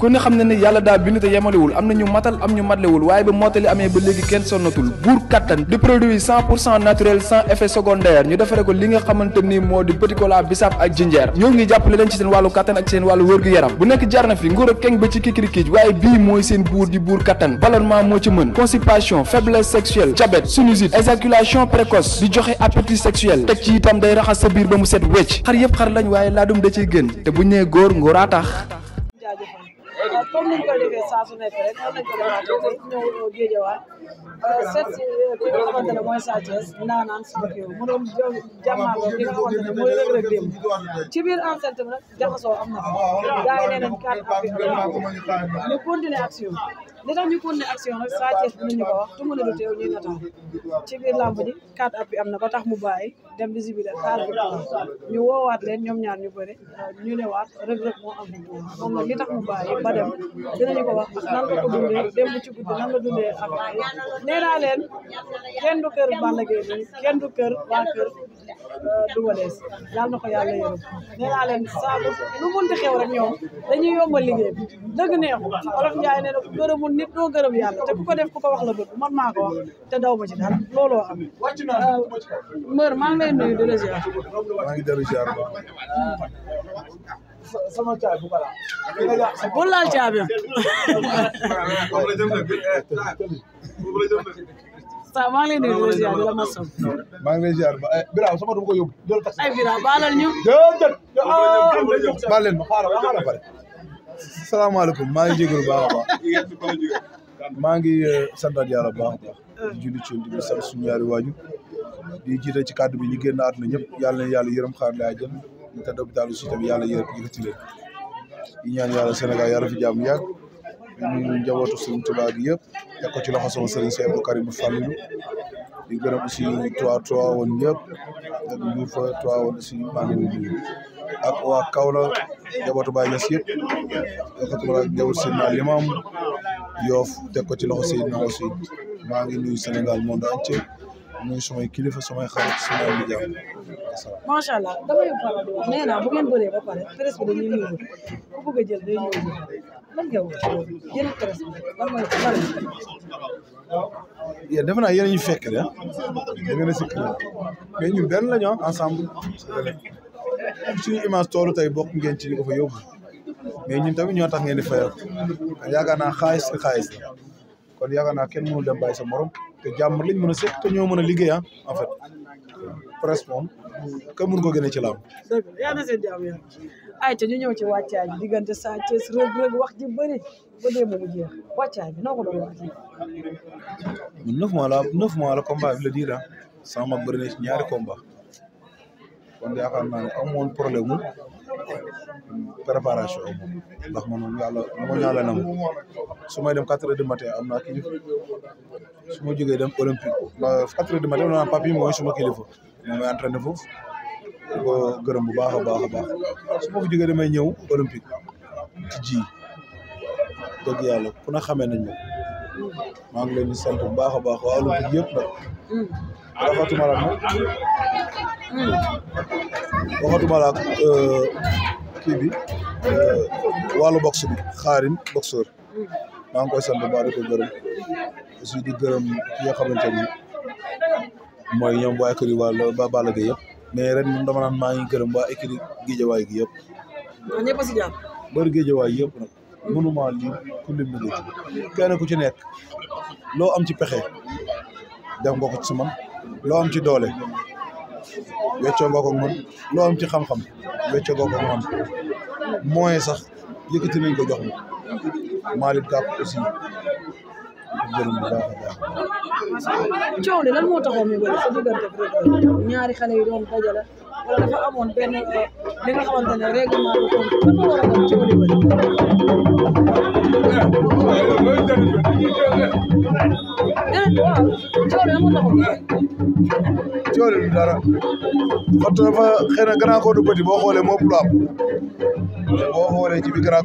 ku ne xam ne ne yàlla daal bi te yemalewul am na ñu matal am ñu matlewul waaye ba mottali amee ba léegi kenn sonnatul buur kattan di produit cent pour cent naturel sans effet secondaire ñu defare ko li nga xamante ni moo di petit bisaab ak jinjeer ñoo ngi jàppale leen ci seen wàllu kattan ak seen wàllu wërgu-yaram bu nekk jarna fi nguur ak keng ba ci kikirikiij waaye bii mooy seen buur di buur kattan ballonnement moo ci mën constipation faiblesse sexuelle diabète sinusite itam day raxas sa biir ba mu set wecc xar yëpp xar da ciy gën te bu ñu nee góor ngóoraa tax comme ni ñu koy defee saa su nekk rek noonu lañ ko defaatee tey ñëw Guédiawaye seet si euh, ki nga xamante ne mooy Sa Thiès naanaan sama kii mënoon jàmmaarloo ki nga xamante ne mooy Reug Reug démb ci biir enceinte bi nag jaxasoo am na gars yi nee nañ quatre appuis ñu continuer action li tax ñu continuer action nag Sa Thiès dinañu ko wax tungu ne du teew ñuy nataal ci biir làmb ji quatre am na ba tax dem di zibilé xaar bi ñu woowaat bu moom nag li tax mu bàyyi ba dem dinañu ko wax ak nan la ko dundee démb ci guddi nan la dundee ak nee naa leen kenn du kër Balla Gaye bi kenn du kër waa kër euh, Double Less yàlla na ko yàlla yërëm nee naa xew rek ñoom dañuy yombal dëgg neexu Wolof Njaay nee na gërëmul nit doo gërëm yàlla te ku ko def ku ko wax la bëgg man ko wax te daw ma ci dara looloo am mbër euh, maa ngi lay nuyu di la ziar maa ngi dellu ziar sama caay laal caabi waaw maa ngi lay nuyu di la masawu. maa ngi lay ziar ba eh, Birame sama dama ko yóbbu. ay Birame baalal ñu. déedéet. baal ma xaaral ma xaaral pare. salaamaaleykum maa ngi jégalu baax a baax maa ngi euh, santaat yàlla baax a baax di julli ci di sant suñu ñaari waaju ci kàddu bi ñu génn àdduna ñëpp yàlla na yàlla yërëm xaar laa jëm ñu tëdd hôpital aussi tamit yàlla yërëm yëkkati leen di ñaan fi jàmm yàgg di nuyu njabootu suñu tubaab bi yëpp teg ko ci loxo sama sëriñ Cheikh Abdou Karim Fallou di gërëm aussi trois trois woon fa trois woon aussi maa ngi ak waa Kaolack jabatu Baay Ñas yëpp yokkatuma la jawul Limam Yoof teg ko ci loxo Seydina aussi maa ngi nuyu Sénégal monde entier nuyu samay kilifa samay xarit sama am jàmm macha allah damay faral di wax nee naa bu ngeen bëree ba pare presse bi dañuy ñëw ku bëgg a fekk de ah. da suñu image toolu tey bokk ngeen ci ko fa yóbbu mais ñun tamit ñoo tax ngeen di fayal kon yaakaar naa xaalis si xaalis la kon yaakaar naa kenn mënul dem bàyyi sa morom te jàmm lañ mën a seq te ñoo mën a liggéey ah en fait presque moom ka mun ko gënee ci laaw. dëgg la yàlla na seen jàmm yàlla ayca ñu ñëw ci wàccaay bi diggante Sa Thiès Reug Reug wax ji bëri ba démb mu jeex wàccaay bi noo ko doon wàcc. neuf mois la neuf mois la combat bi la diir ah sama ñaari combat. kon yaakaar naa ne amoon problème mu préparation moom ndax man moom yàlla ma ñaale na ma su may dem quatre heures du matin am naa kilifa su ma jógee dem olympique ba quatre heures du matin ma naan papi mooy suma kilifa moom may entraîné foofu di ko gërëm bu baax a baax a baax su ma fi jógee damay ñëw olympique ci ji dëgg yàlla ku na xamee nañ ma maa ngi leen di sant bu baax a baax waa olympique yëpp nag waxatuma la nag waxatuma hmm. la ak euh, kii bi euh, wàllu box bi xaarim boxeur maa ngi koy sant bu baax di ko gërëm aussi di gërëm ki nga xamante ni mooy ñoom waa écurie wàll ba Balla Gaye yëpp mais ren moom dama naan maa ngi gërëm waa écurie géejawaay gi yëpp ah, ñëpp si jàpp bër ku lim na kenn ku ci nekk loo am ci pexe def nga ko loo ci doole weccoo nga ko ci xam-xam weccoo nga ko man sax yëkkati nañ ko jox ma Malick Gakou aussi gërëm baax a baax coow li lan moo taxoon mu wala sa diggante ñaari xale yi doon dajale wala dafa amoon benn li nga xamante ne a am coono yi bëri. coono du dara parce que xëy na grand corps du petit boo xoolee moo ëpp lu am boo xoolee ci bi grand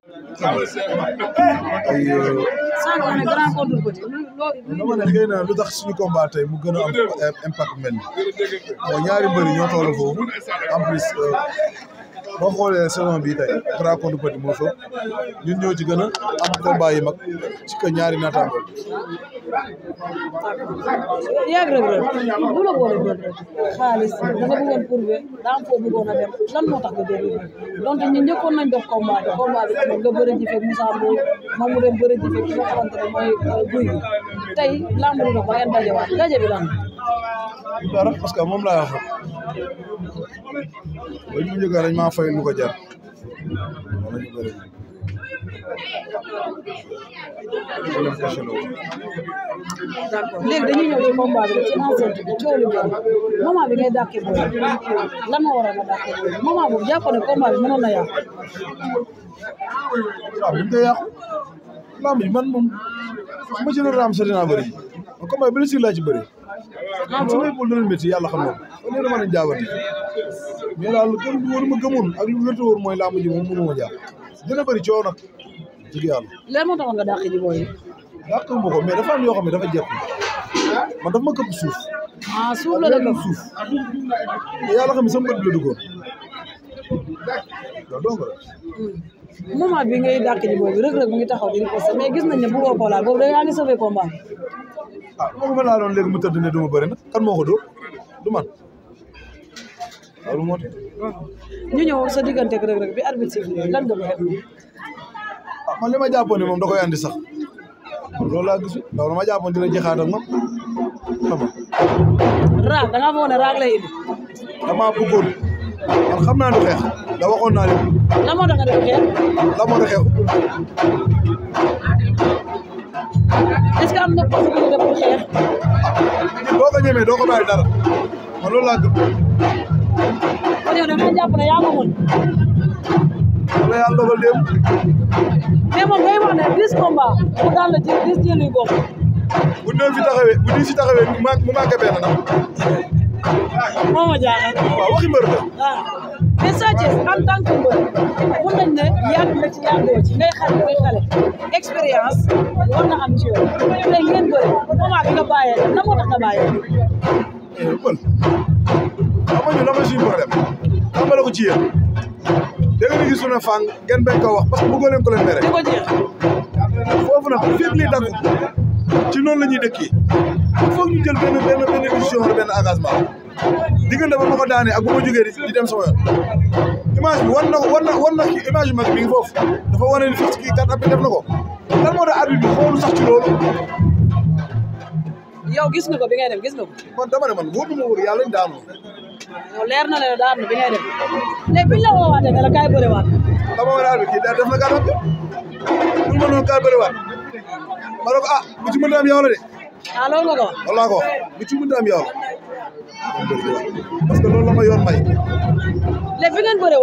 ay. Euh, sànq na grand contre côté. dama ne xëy na lu tax suñu combat tey mu gën a am euh, impact mel ni. ñaari mbëri ñoo toll foofu en plus. Euh, boo xoolee saison bi tey Franc contre Petit Mosso ñun ñoo ci gën a am combat yi mag ci ka ñaari naataango. yaa ngi xaalis da nga bëggoon prouvé daa am foo dem lan moo tax nga déglu ñun ñëppoon nañ dox combat bi combat bi nga bëri ji fekk Moussa dem bëri ji fekk ki euh, guy tey lamb bi dox ba ngeen dajewaat daje bi lan. dara parce que moom laa bañ ma jógee dañ maa fay lu ko jar wala ñu bëri d'accord léegi dañuy ñëw ci combat bi ci enceinte bi coow li bëri moment bi ngay dàkkee booy lan moo na yàqu. waaw li mu koy yàqu ma ci doon raam sa dinaa bëri combat bi blessure laa ci man su ma dana métti yàlla xam na ko loolu dama leen jaabante mais daal gëm lu wóor ma gëmoon ak lu wérte wóor mooy làmb ji moom mënu ma jàpp dina bëri coow nag jig yàlla lan moo taxoon nga dàq ji booy dàq ma ko dafa am yoo xam ne dafa jekk ma dafa ma këpp suuf ah suuf la la suuf te yàlla xam ne sama bët bi la duggoon waaw donc hmm. moment bi ngay dàq ji boobu rek rek mu ngi taxaw di ko mais gis ne bu ko laal boobu da yaa ah lu ma ko mën léegi mu tëdd ne du ma bëri nag kan moo ko dóor du man sa diggante ak Reug Reug bi arbitre bi ah, man li ma jàppoon ne moom da koy andi sax loolu laa gisul ndax ma jàppoon dina jeexaat ak moom xam raag da ngaa foog raag lay indi. damaa bëggoon man xam naa ne xeex da waxoon naa leen. lan moo tax nga xeex. lan moo xeex. est am na possibilité pour xeex. boo ko ñemee doo ko dara ma loolu laa gëm. kon yow da nga jàpp ne yaa ko mën. wala yàlla dogal dem. mais moom day wax ne dix combats mu daal la jël dix jël yu bokk. bu néew fi taxawee bu néew fi taxawee mu moo ma jaaxal. waaw waxi mbër la. Ah. mais Sa Thiès en tant que mbër mun nañ ne yàgg na ci yàggoo ci ngay xale ngay xale expérience war na am ci yow tey ngeen bëri moment bi nga bàyyee la na moo eh, problème xamala ko ci yéen dégg nga gis na fang ngeen bañ koo wax parce que bëggoo leen ko leen mere di ko ci noonu la ñuy dëkki foog ñu jël benn benn benn décision wala benn diggante ba ma ko daane ak bu ma jógee di dem sama yoon image bi war na war na war na ci image bi mag bi ngi foofu dafa wane ni fii kii kat ab bi def na ko lan moo yow gis nga ko bi ngay dem gis nga ko. dama ne man wóor na ma yàlla ñu daanu. yow leer na leen daanu bi ngay dem. mais biñ la woowaatee ne la kaay bëriwaat. xam nga arbitre bi kii daal def na gàllankoor pour ma noonu kaay bëriwaat ma ne a ah bu ci mënta de. ah loolu nga ko wax. wallaahi ko ci mënta am yow parce que loolu la ma yoon may. léegi fi ngeen bëree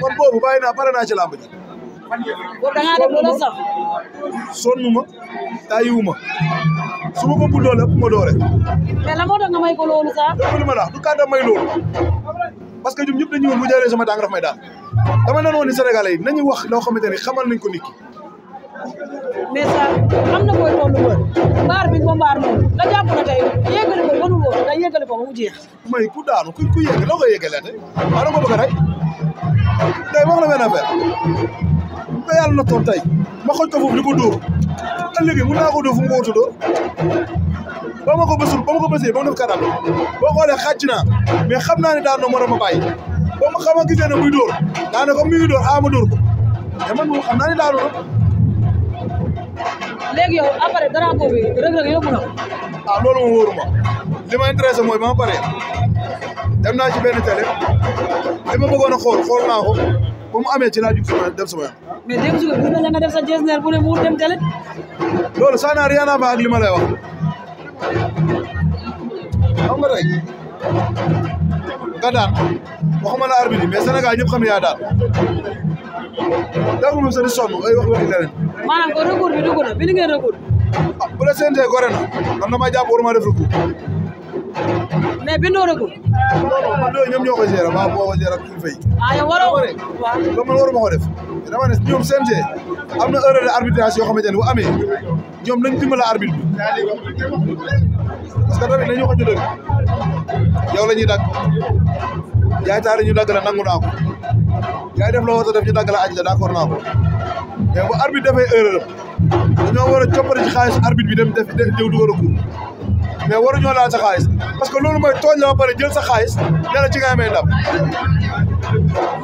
kon boobu bàyyi naa pare naa ci làmb ji. boobu da ngaa def lu la sax. sonnuma taayiwuma su ma ko bu doole ëpp ma la moo tax may ko loolu sax. dégg li ma la du kàdda may loolu parce que ñun ñëpp dañu woon bu sama tànk daf daal dama doon woon ni Sénégalais yi nañu wax loo xamante ni xamal nañ ko nit mais ça am na booy toll wër mbaar bi ba mbaar moom nga jàpp na tey yéegale ko mu jeex. may ku daanu ku ku noo koy yéegalee tey waaw da nga ko bëgg rek tey wax na benn affaire na toon tey ma xoj ko foofu di ko dóor léegi naa ko dóor fu mu ko wut dóor ba ma ko bësul ba ma ko bësee ba mu boo xoolee xàcc naa mais xam naa ne daan na mën a ma bàyyi ba ma a ah, man moom xam naa daanu na. léegi yow après drapeau bi Reug Reug yóbbu na. ah loolu moom wóoruma li ma intéressé mooy ma pare dem naa ci benn télé li ma bëggoon a xool xool naa ko ba mu amee ci laa jug sama def sama yoon. mais dégg nga nga def sa jees neer bu ne mu wut dem télé. loolu ça n'a rien à voir ak li ma lay wax xam nga tey nga daan waxuma la xam ne yaa daan. daa ko moom sax di sonn ay wax waxi leneen. maanaam ko recours bi dugg na bi ni ngeen recours. ah bu la séentee gore na man damaa jàpp waruma def recours. mais bindoo recours. non ñoom ñoo ko gérer maa boo ko gérer ak kilifa yi. ah yow waroo waaw ba man waruma ko ñoom CNG am na erreur de arbitrage yoo xamante ne bu amee ñoom nañ dimbala arbitre bi parce que tamit nañu ko ñu dëgg yow la ñuy dagg yaay taal ñu dagg la nangu yaay def la war a def ñu dagg la aj la d'accord naa ko mais bu arbitre dafay erreur dañoo war a coppari ci xaalis arbitre bi dem def ñëw dugal a kuur mais war laal sa xaalis parce que loolu mooy tooñ la ba pare jël sa xaalis ne la ci nga amee ndam.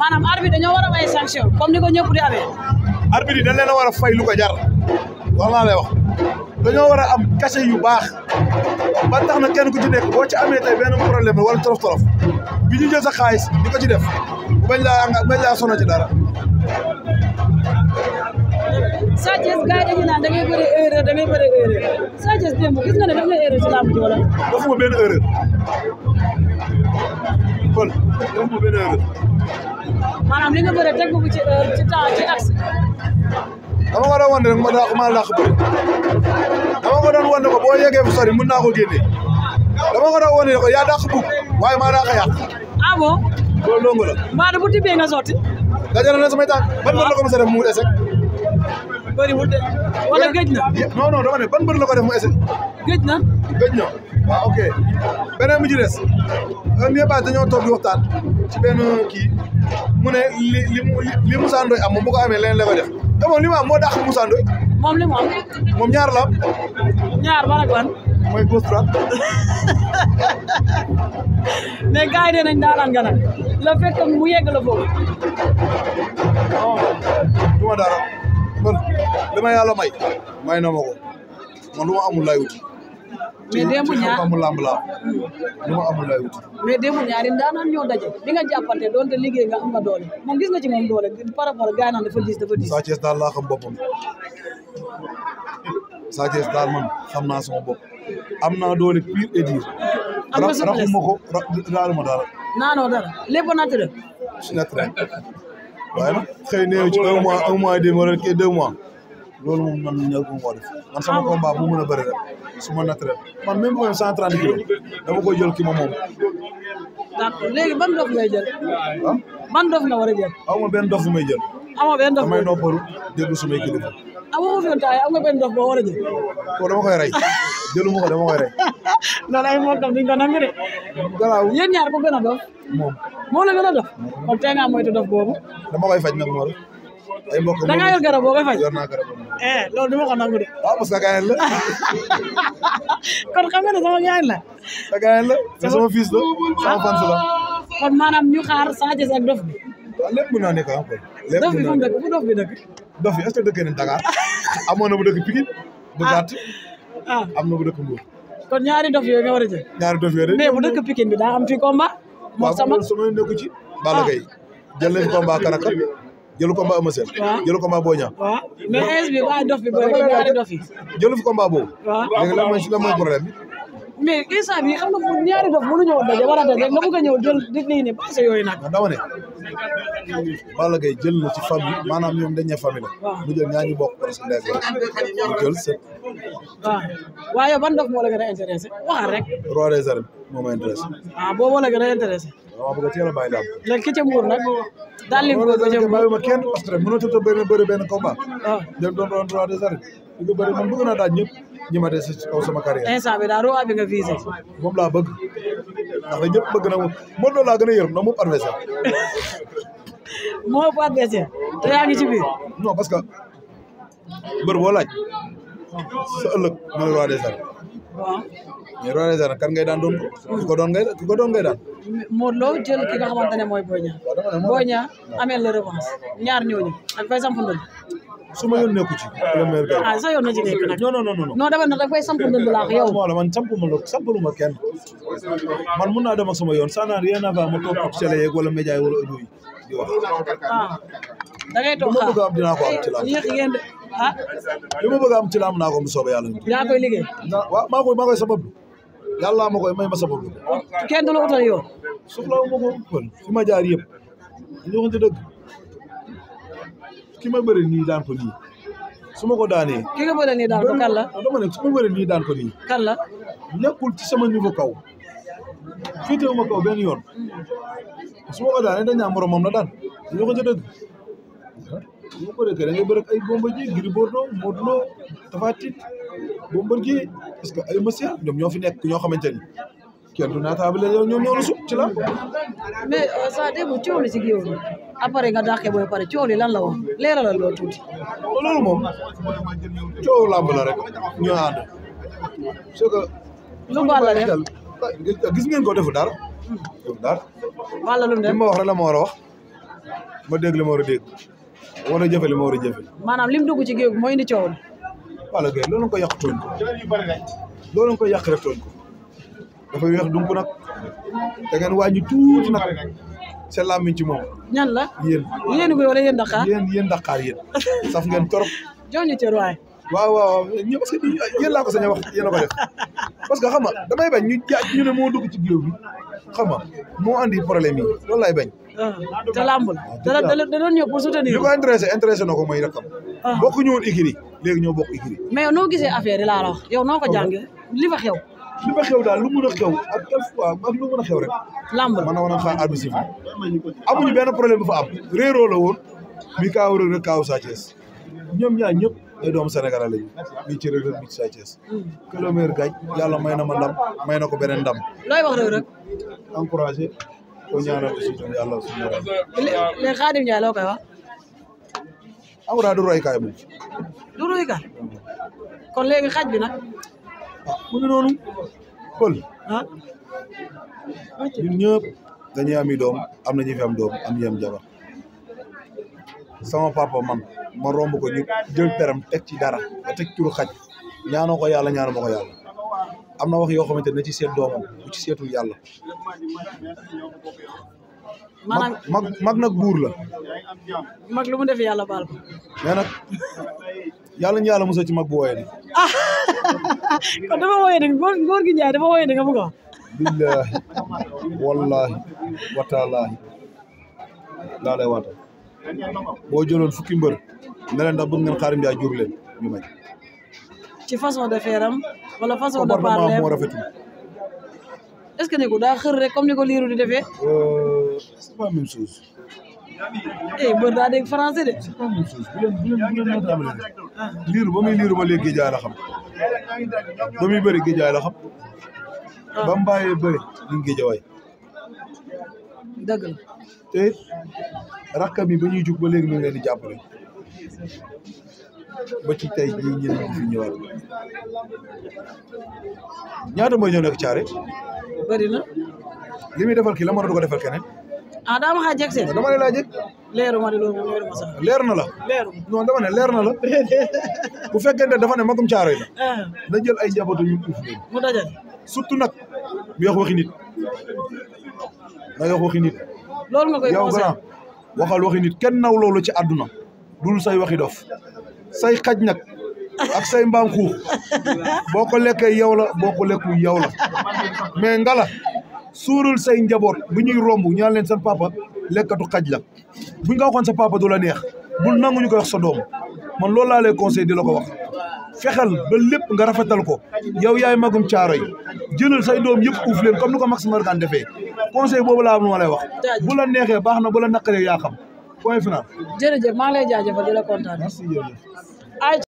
maanaam arbitre dañoo war a may sanction comme ni ko ñëpp di amee. arbitre yi dañ leen a war a fay lu jar wax laa lay wax dañoo war a am cachet yu baax ba tax na kenn ku ci nekk boo amee tey benn problème wala torof torof bi ñu jël sa xaalis di ko ci def. bañ laa bañ laa sonal ci dara. Sadio Thiès gars yi dañuy naan da ngay bëri erreur da ngay bëri erreur Sadio nga ne daf lay erreur ci làmb ji wala. defuma benn erreur kon defuma benn erreur. maanaam li nga bëri teg ko ci heure ci temps ci axe. dama ko doon ma daa ma làq bëri dama ko doon wante ko boo yeggee fu sori loolu dong la. Maodo bu tibbee nga sotti. dajale na samay taat ban mbër la ko mos a def mu échec. bëriwul de wala géej na. non non dama ne ban mbër la ko def mu échec. géej na. géej na waaw ok beneen bi ci des un mieux dañoo toog di waxtaan ci benn kii mu ne li li li Moussa Ndoye am moom bu ko amee leneen la ko def moom li mu am moo dàq Moussa Ndoye. moom li mu moom ñaar la am. ñaar ban ak ban. mooy gauche droite. mais gars yi de nañ daalaan gànnaar. le fait que mu la foofu. non dara man li yàlla may may na ma man lu amul lay wuti. mais démb ñaar amul lamb laa lu ma amul lay wuti. mais liggéey nga am doole moom gis nga ci moom doole par rapport ak naan dafa diis dafa diis. Sa daal laa xam boppam daal man xam naa sama bopp am naa doole pire et dire. am na souplesse raxuma ko naanoo dara lépp naturel. si naturel waaye nag xëy na ci un mois un mois et demi wala loolu moom man ñëw bu man sama ah combat bu mën a bëri rek su ma naturel man même bu ma dama koy jël ki ma moom. d'accord léegi ban dof ngay jël. ah ban dof nga war a jël. aw ma benn dof bu may jël. amoo benn dof damay noppalu déglu sumay kilifa. amoo ko fi am a jël. dama koy rey jëlu ko dama koy loolu ay mbokkam duñ ko nangu de. galaaw ñaar ko gën a dof. moom moo la a dof. kon tey ngaa moytu dof boobu. dama koy faj na mool. ay mbokk da ngaa yor garab boo faj yor naa garab eh loolu du ma de. Ah, la. kon xam nga ne sama gaayen la. sa gaayen la te sama fils la Sa Thiès ak dof bi. waaw ah, dëkk fu dof bi dëkk. dof bi est ce que dëkkee na bu dëkk Pikine. bu ah. gàtt am na bu dëkk Mbour. kon ñaari dof yooyu nga war a jël. ñaari dof yooyu mais bu bi daa am fii combat. moom sama waaw sama nekku ci. Balla Gaye jël nañ combat Karaka jël combat Eumeu Sène. waaw jël combat Boy Niang. waaw mais waa dof bi bëri fi combat boobu. waaw mais instant bii am na ñaari dof mënuñoo daje war a daje rek nga bëgg a ñëw jël nit ñi ne passé yooyu nag. dama ne jël na ci famille maanaam ñoom dañ ne famille la. mu jël ñaar ñu bokk presque ndey jël sët. waaye ban dof moo la gën a intéressé waxal rek. roi des moo ma intéressé. Ah, boo moo la gën a intéressé. waaw bëgg a teel a bàyyi ki ca muur nag. daal li ko jëm bàyyiwuma kenn ostre mënoo tëb bëri bëri benn combat waaw ah. dem doon doon droit des arènes di ko bëgg naa daaj ñëpp ñi des ci kaw sama carrière instant bi daal roi bi nga visé ah, laa bëgg ndax la bëgg na moom moo doon laa gën a yërëm na moom te yaa ngi ci biir non parce que mbër boo laaj sa ëllëg mooy roi des arènes waaw mais roi des arènes kan ngay daan doon ko ki ko doon ngay ki ko doon ngay daan Modou Lo ki nga xamante ne mooy Boy Niang la revanche ñaar ñooñu ak fay samp ndënd su ma yoon nekku ci première gare ah sa yoon na ci nekk nag non non ma non man mun naa dem sama yoon ça n'a rien à voir ma toog ci télé wala média yi wala audio yi di wax ah da ngay toog xaar dinaa ah li ma bëgg am ci làmb naa ko mu soobee yàlla. yaa koy liggéey. waaw maa koy maa koy sabablu yàlla ma koy may ma sabablu. kenn du la utal yoon. wu ma ko kon fi ma jaar yëpp ñu waxante dëgg ki ma bëri nii daan ko nii su ko daane ki nga bëri nii daan ko kan la ah, su ma bëri nii daan ko nii. kan la. nekkul ci sama niveau kaw fii teewu ma kaw benn yoon su ko daanee dañ naa moroom moom la daan ñu dëgg. mu bëree kay da ngay bëri ay Bombardier Gris Bordeaux Modou Lô Tapha Tine Bombardier parce que ay monsieur ñoom ñoo fi nekk ñoo xamante ni kenn du naataable ñoom ñoo la sut ci làmb. mais saa euh, démb coow li ci géew bi après nga dàqee pare coow li lan la woon leeralal loo tuuti. loolu moom coow làmb la rek ñu ànd parce que. lu Balla def ah, gis ngeen ko defu dara. defu dara. Balla lu mu def wax rek la ma war a wax ma dégg li ma war a jëfe li war a jëfe maanaam lim dugg ci géew bi moo indi coow la Balla Gaye loolu nga ko yàq tooñ ko loolu nga ko yàq rek tooñ ko dafa weex dunk nag da ngeen wàññi tuuti nag seen làmmiñ ci moom ñan la yéen yéen guy wala yéen daqaar yéen yéen daqaar yéen saf ngeen torop joñu cër waay waaw waaw ñë parce que laa ko sañ a wax yéen a ko def parce que xam nga damay bañ ñu jaaj moo dugg ci géew bi xam nga moo andi problème yi loolu laay bañ Euh, te lambul da da doon ñëw pour soutenir. li ko intéressé intéressé na ko mooy rakam. Ah. bokk ñu woon Ikiri léegi ñoo bokk Ikiri. mais noo gisee affaire yi laa la wax yow ko jàngee li fa xew. li fa xew daal lu mën a xew ak quelquefois ak lu mën a xew a xaar admissif amuñu benn problème bu fa am réeroo la mi kaaw rek rek kaaw Sa Thiès ñoom ñaar ñëpp. doom doomu Sénégal lañu ñii ci Reug Reug bi ci Sa Thiès kilomètre hmm. gaaj yàlla may na ma ndam may na ko beneen ndam looy wax Reug Reug ko ñaanal aussi tam yàlla suñu yaram. mais Khadim Ndiaye loo koy wax. Aouda du roy kaay moom. du kon léegi xaj bi nag. ah mu ngi noonu. ah. ñun ñëpp dañuy am i doom am na ñu fi am jabar sama papa man ma romb ko ñu jël teram ek ci dara ba teg turu xaj ñaanoo ko yàlla ñaanoo ma ko am na wax yoo xamante ne ci seet doomam bu ci seetul yàlla. mag mag mag nag buur la. mag lu mu def yàlla baal ko. mais nag yàlla ci mag bu wooyee dafa wooyee de góor dafa wooyee de nga bëgg a wax. billaahi wallaahi lay waatal boo jëloon fukki mbër ne leen ndax bëgg ngeen xaarim Ndiaye jur ci façon de wala façon de est-ce que ni ko daa rek comme ni ko liiru di defee euh, c'est pas même chose eh bër daa dégg français de c'est pas même chose bu leen bu leen bu leen naataamale liiru ba muy léegi ah. mu ngi géejawaay te rakkam yi ba ñuy jug ba di jàppale ba ci tey jii ñu ne fi ñëwaat ñaata mooy ñëw nekk caare. bëri na. li muy defal kii la mënatu ko defal keneen. ah daa ma xaaj ak dama lay laaj it. loolu moom leeru ma sax. leer na la. leeru non dama ne leer na la. bu fekkente dafa ne magum caare ah. jël ay njabootu yu uuf nag. mu yox waxi loolu nga koy conseillé yow waxal waxi nit kenn naw loolu ci àdduna. dul say waxi say xaj nag ak say mbaam boo ko lekkee yow la boo ko lekku yow la mais ngala suurul say njaboot bu ñuy romb ñaan leen seen papa lekkatu xaj la buñ nga waxoon sa papa du la neex bu nangu ñu koy wax sa doom man loolu laa conseil di la ko wax fexel ba lépp nga rafetal ko yow yaay magum caaro yi jëlal say doom yëpp uuf leen comme ni ko Max Margan defee conseil boobu laa am lu ma lay wax bu la neexee baax na bu la naqaree yaa jërëjëf maa ngi lay jaajëfal di la kontaan.